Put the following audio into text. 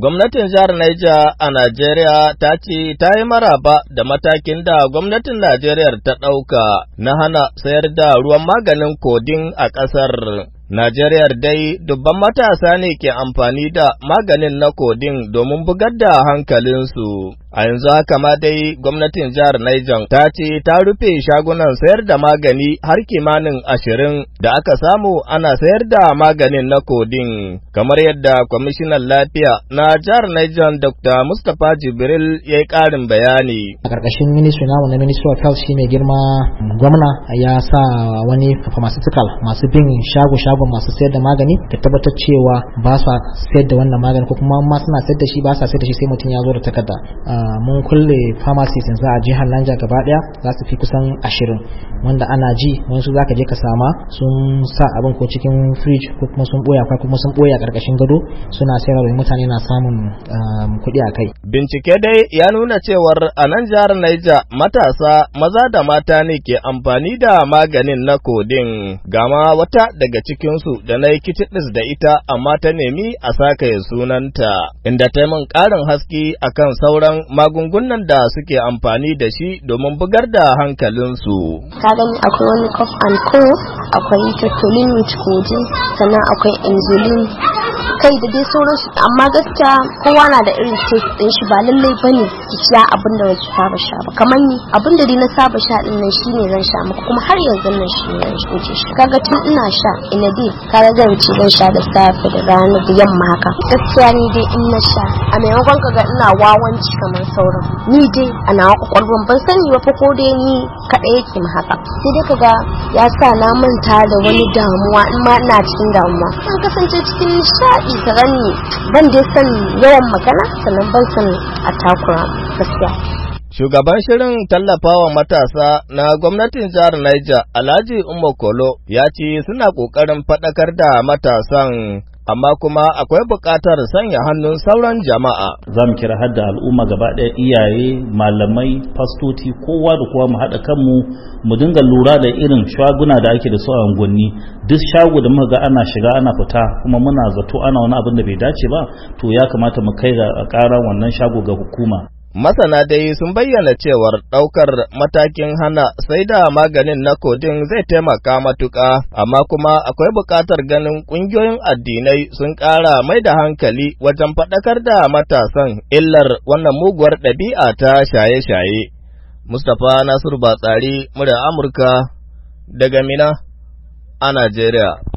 Gwamnatin jihar Niger a Najeriya ta ce ta yi maraba da matakin da gwamnatin Najeriya ta ɗauka na hana sayar da ruwan maganin kodin a ƙasar. Najeriyar dai dubban matasa ne ke amfani da maganin na kodin domin bugar da hankalinsu. A yanzu haka ma dai gwamnatin jihar Niger ta ce ta rufe shagunan sayar da magani har kimanin ashirin da aka samu ana sayar da maganin na kodin. Kamar yadda kwamishinan lafiya na jihar Niger Dr. Mustapha Jibril ya yi ƙarin bayani. A ƙarƙashin ministry namu na Ministry of Health shi mai girma gwamna ya sa wani pharmaceutical masu bin shago-shago shagon masu sayar da magani da tabbatar cewa ba sa sayar da wannan magani ko kuma ma suna sayar da shi ba sa sayar da shi sai mutum ya zo da takarda mun kulle pharmacies yanzu a jihar Niger gaba daya za su fi kusan ashirin wanda ana ji za zaka je ka sama sun sa abin ko cikin fridge ko kuma sun boya ko kuma sun boya karkashin gado suna sayar da mutane na samun um, kuɗi a kai bincike dai ya nuna cewar a nan jihar Niger matasa maza da mata ne ke amfani da maganin na kodin gama wata daga cikin cikinsu da na yi kitiɗis da ita amma ta nemi a sake sunanta, inda ta min ƙarin haske akan sauran magungunan da suke amfani da shi domin bugar da hankalinsu. Ka gani akwai wani cough and cough akwai tutolin with sannan akwai insulin kai da dai sauransu amma gaskiya kowa na da irin taste din shi ba lallai bane ki sha abin da wasu saba sha ba kamar ni abin da dai na saba sha din nan shine zan sha maka kuma har yanzu nan shi ne nake shi kaga tun ina sha ina dai kaga zan ci zan sha da safe da rana da yamma haka gaskiya ni dai in na sha a maimakon ka ga ina wawanci kamar sauran ni dai a nawa kwakwalwan ban sani ba fa ko dai ni kaɗai yake mu haka sai dai kaga ya sa na manta da wani damuwa in ma ina cikin damuwa zan kasance cikin nishaɗi ka gani ban dai san yawan magana sannan ban san a takura gaskiya Shugaban shirin tallafawa matasa na gwamnatin jihar Niger Alhaji Umar Kolo ya ce suna ƙoƙarin faɗakar da matasan amma kuma akwai buƙatar sanya hannun sauran jama'a. Za mu kira hadda al'umma gaba ɗaya iyaye, malamai, fastoti, kowa da kowa mu haɗa kanmu mu dinga lura da irin shaguna da ake da su a unguwanni. Duk shago da muka ga ana shiga ana fita kuma muna zato ana wani abin da bai dace ba to ya kamata mu kai da ƙara wannan shago ga hukuma. Masana dai sun bayyana cewar ɗaukar matakin hana sai da maganin na kodin zai taimaka matuƙa, amma kuma akwai buƙatar ganin ƙungiyoyin addinai sun ƙara mai da hankali wajen faɗakar da matasan illar wannan muguwar ɗabi'a ta shaye-shaye. Mustapha Nasiru Batsari, murya Amurka, daga Mina a Najeriya.